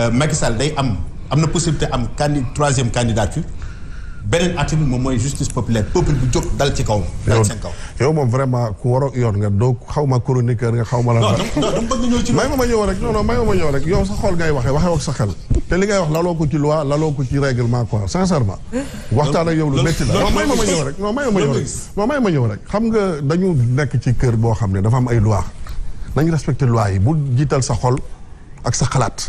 Euh, Macky Sall day am am na possibilité am candi troisième candidature beneen atum moom mooy justice populaire peuple bu dal ci kaw. kaw yow moom vraiment ku war a yoon doo xaw ma chroniqueur nga xaw ma la. non ci may ma ma ñëw rek non ma ma ñëw rek yow sa xol ngay waxee waxee ak sa xel. te li ngay wax laloo ko ci loi laloo ko ci règlement quoi sincèrement. waxtaan ak yow lu métti la yow may ma ma ñëw rek non ma ma ñëw rek. non may ma ñëw rek xam nga dañu nekk ci kër boo xam ne dafa am ay loi nañu respecté loi yi bu jiital sa xol ak sa xalaat.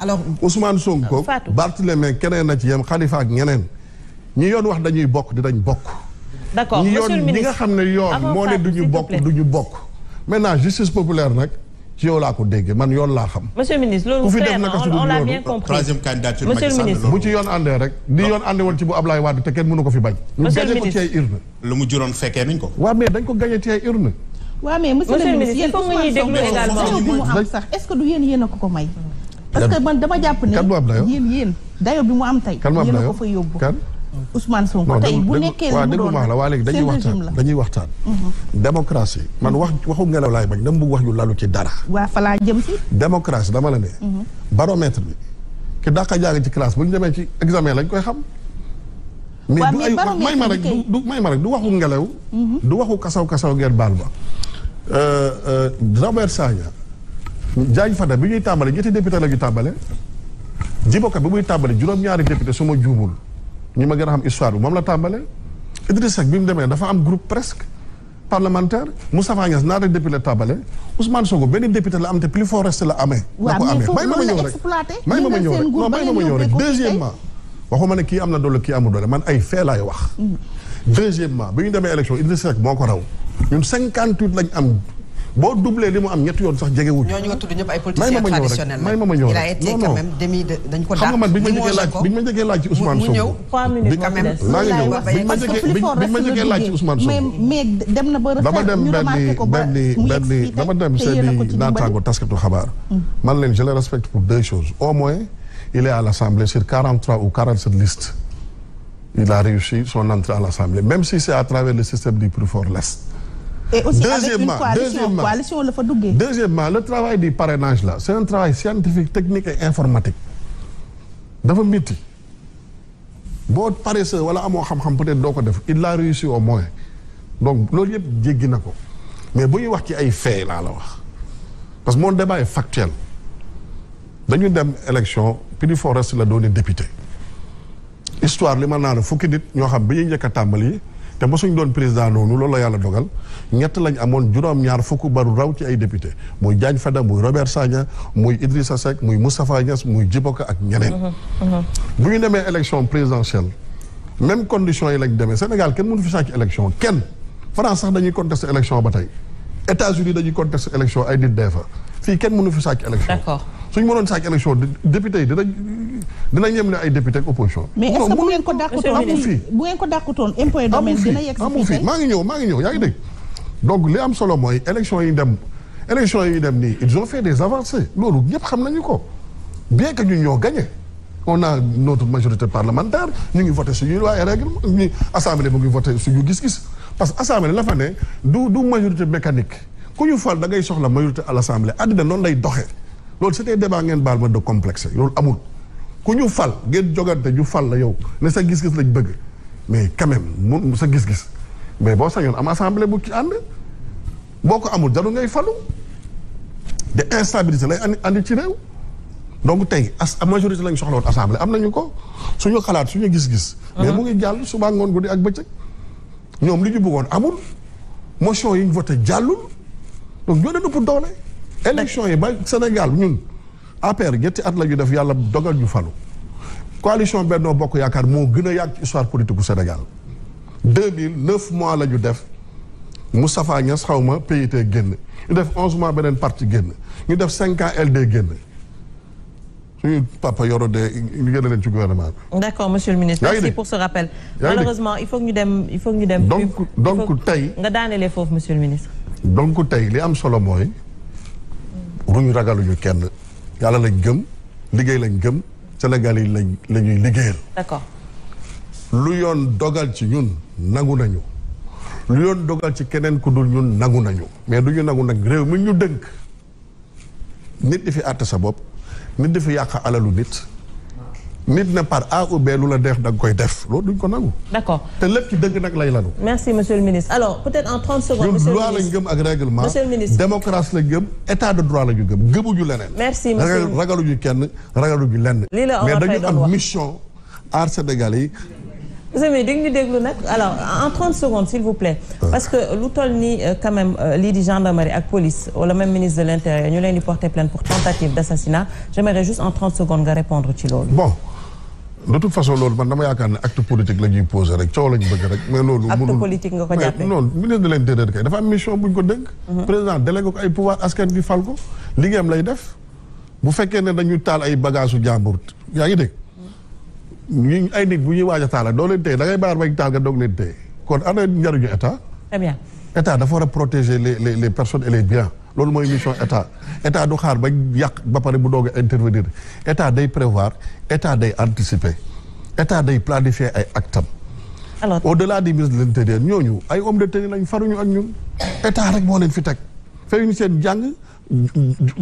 alors Ousmane Sonko ah, Barthélémy keneen a ci yem Khalifa ak ñeneen ñi yoon wax dañuy bokk di dañ bokk. d'accord ñi yoon ñi nga xam ne yoon moo ne du ñu bokk du ñu bokk. maintenant justice populaire nag ci yow laa ko dégg man yoon laa xam. monsieur le ministre loolu on l'a bien compris troisième candidature Macky Sall bu ci yoon àndee rek. di yoon àndee woon ci bu Ablaye Wade te kenn mënu ko fi bañ. monsieur le ministre ñu gagné ko ci ay urne. lu mu juróon fekkee nañ ko. waaw mais dañ ko gagné ci ay urne. waaw mais monsieur le ministre yéen Ousmane Sonko bi mu am sax est-ce que du yéen yéen ko ko parce que man dama jàpp ne yéen yéen dayo bi mu am tey yéen a ko fa yóbbu Ousmane Sonko tey bu nekkee waaw déglu ma la waa léegi dañuy waxtaan dañuy mhm. démocratie man wax waxu ngelaw laay bañ dama bëgg wax ñu lalu ci dara waa fa laa jëm si démocratie dama la ne mhm. baromètre bi ki dàqa jàng ci classe bu ñu demee ci examen lañ koy xam mais du ay may ma rek du may ma rek du waxu ngelaw mhm. du waxu kasaw kasaw ngeen baal ma euh, euh, Robert Sagna jaaj Fada bi ñuy tàmbale ñetti député la ñu tàmbale Djibo Ka bi muy tàmbale juróom-ñaari député su ma juumul ñi ma gën a xam histoire bi moom la tàmbale Idrissa Seck bi mu demee dafa am group presque parlementaire Moustapha Niass ñaata député la tàmbale Ousmane Sonko benn député la am te plus fort reste la amee la ko amee may ma ma ñëw rek may ma ma ñëw rek non may ma ma ñëw deuxièmement waxuma ne kii am na doole kii amul doole man ay fee laay wax mm. deuxièmement bi ñu demee élection Idrissa Seck moo ko raw ñun cinquante-huit lañ am bo doublé limu am ñetti yoon sax jegewu wul ñoo nga tudd ñep ay politiciens traditionnels may ma ma il a été quand même demi de dañ ko xam nga man bi ma njëkkee laaj bi ma njëkkee laaj ci Ousmane Sonko. mu ñëw minutes quand même maa ngi ñëw bi ma njëkkee bi ma njëkkee laaj ci Ousmane Sonko. mais mais dem na ba dama dem benn benn benn dama dem seeni naataango taskatu xabaar. Mm. man leen je le respecte pour deux choses au moins il est à l'Assemblée sur 43 ou 47 listes il a réussi son entrée à l'Assemblée même si c'est à travers le système du plus fort l'est et aussi deuxièmement, avec une le Deuxièmement, le travail du parrainage là, c'est un travail scientifique, technique et informatique. Dafa métti. boo paresseux wala amoo xam-xam peut-être doo def il a réussi au moins donc loolu il jéggi na ko mais bu ñuy wax ci ay faits laa la wax parce que mon débat est factuel Dans dem élection Pili Forest la doon député histoire li ma naa la fukki nit ñoo xam bi ñuy te mosuñ doon président noonu loolu la yàlla dogal ñett lañ amoon juróom-ñaar fukk baru raw ci ay député muy Diagne Fada muy Robert Sagna muy Idrissa Seck muy Moustapha Niass muy Djiboka ak ñeneen bu ñu demee élection présidentielle même condition yi lañ demee Sénégal kenn mënu fi sàcc élection kenn France sax dañuy contester élection ba tey États-Unis dañuy contester élection ay nit dee fa fii kenn mënu fi sàcc élection d'accord suñu mënoon sàcc élection député yi dinañ dinañ yem ne ay député ak opposition. mais est-ce que bu ngeen ko dàqutoon bu ngeen ko maa ngi ñëw maa ngi ñëw yaa ngi dégg donc li am solo mooy élection yi dem élection yi dem nii ils ont fait des ñëpp xam nañu ko bien que ñun ñoo gagné on a notre majorité parlementaire ñu ngi voté suñuy loi et règlement ñu assemblée mu ngi voté gis-gis parce que assemblée la fa ne du du majorité mécanique ku ñu fal da ngay soxla majorité à l'assemblée àddina noonu lay doxee loolu c'était débat ngeen baal ma de complexe loolu amul ku ñu fal ngeen jogante ñu fal la yow ne sa gis-gis lañ bëgg mais quand même mun sa gis-gis mais boo sañoon am assemblée bu ci ànd boo ko amul jarul ngay falu de instabilité lay andi andi ci réew donc tey as majorité lañ soxla woon am nañu ko suñu xalaat suñu gis-gis. mais uh-huh. mu ngi jàll suba ngoon guddi ak bëccëg ñoom li ñu bëggoon amul motion yi ñu voté jàllul donc ñoo leen ëpp doole. élection yi ba Sénégal ñun APR ñetti at la ñu def yàlla dogal ñu falu coalition Benno Bokk Yaakaar moo gën a yàgg histoire politique bu Sénégal 2009 mois la ñu def Moustapha Niass xaw ma PIT génn ñu def 11 mois beneen parti génn ñu def 5 ans LD génn suñu papa yoro de ñu génne leen ci gouvernement bi. d' accord monsieur le ministre. merci pour ce rappel. malheureusement il faut que ñu dem il faut que ñu dem. donc donc tey. nga daanelee foofu monsieur le ministre. donc tey li am solo mooy. ruñu ragaluñu kenn yàlla lañ gëm liggéey lañ gëm senegal yi lañ lañuy ñuy liggéeyal. d'accord. lu yoon dogal ci ñun nangu nañu lu yoon dogal ci keneen ku dul ñun nangu nañu mais du ñu nangu nag réew mi ñu dënk nit di fi àtt sa bopp nit di fi yàq alalu nit nit ne par A ou B lu la def da koy def loolu duñ ko nangu. d'accord te lépp ci dëgg nag lay lanu. merci monsieur le ministre alors peut-être en 30 secondes. monsieur le ministre loi lañ gëm ak règlement. monsieur le ministre démocratie lañ gëm état de droit lañu gëm gëmuñu leneen. merci monsieur ragaluñu kenn ragaluñu lenn. lii la mais dañu am mission aar Sénégal yi. monsieur mais di ñu déglu nag alors en 30 secondes s'il vous plaît ah. parce que lu toll nii euh, quand même euh, lii di gendarmerie ak police wala même ministre de l'intérieur ñu leen di porter plainte pour tentative d'assassinat j'aimerais juste en 30 secondes nga répondre ci loolu bon de toute façon loolu man dama yaakaar ne acte politique la ñuy posé rek coow lañu bëgg rek. mais loolu acte politique ministre de l'intérieur kay dafa am mission bu ko dénk. Mhm. président délégué ko ay pouvoir askan bi fal ko liggéeyam lay def bu fekkee ne dañu taal ay bagage su jàmbur yaa ngi dégg. ñu ay nit bu ñuy waaja a taal doo leen téye da ngay baar bañ taal nga doog leen téye kon ana njariñu état. très bien état dafa war a protéger les les les personnes et les biens. loolu mooy mission état état du xaar ba yàq ba pare bu doog a intervenir état day prévoir état day anticiper état day planifier ay actam au-delà du ministre de l'intérieur ñooñu ay homme de tenue lañ faruñu ak ñun état rek moo leen fi teg fayuñu seen jàng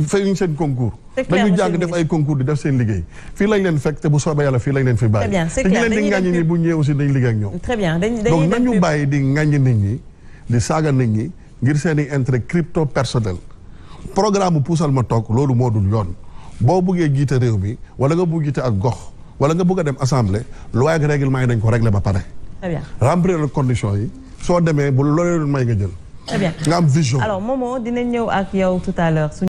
fayuñu seen concours. dañu jàng def ay concours di def seen liggéey. fii lañ leen fekk te bu soobee yàlla fii lañ leen fi bàyyi. te ñu leen di ŋàññi ni bu ñëwee aussi dañ liggéey ak ñoom. très bien dañuy donc nañu bàyyi di ŋàññi nit ñi di saaga nit ñi. ngir seen i intérêt crypto personnel programme puusal ma toog loolu moo dul yoon boo buggee jiite réew mi wala nga bugg jiite ak gox wala nga bugg a dem assemblée loi ak règlement yi dañ ko régler ba pare. très bien remplir conditions yi soo demee bu loolee may nga jël. très nga am vision. alors Momo dinañ ñëw ak yow tout à l'heure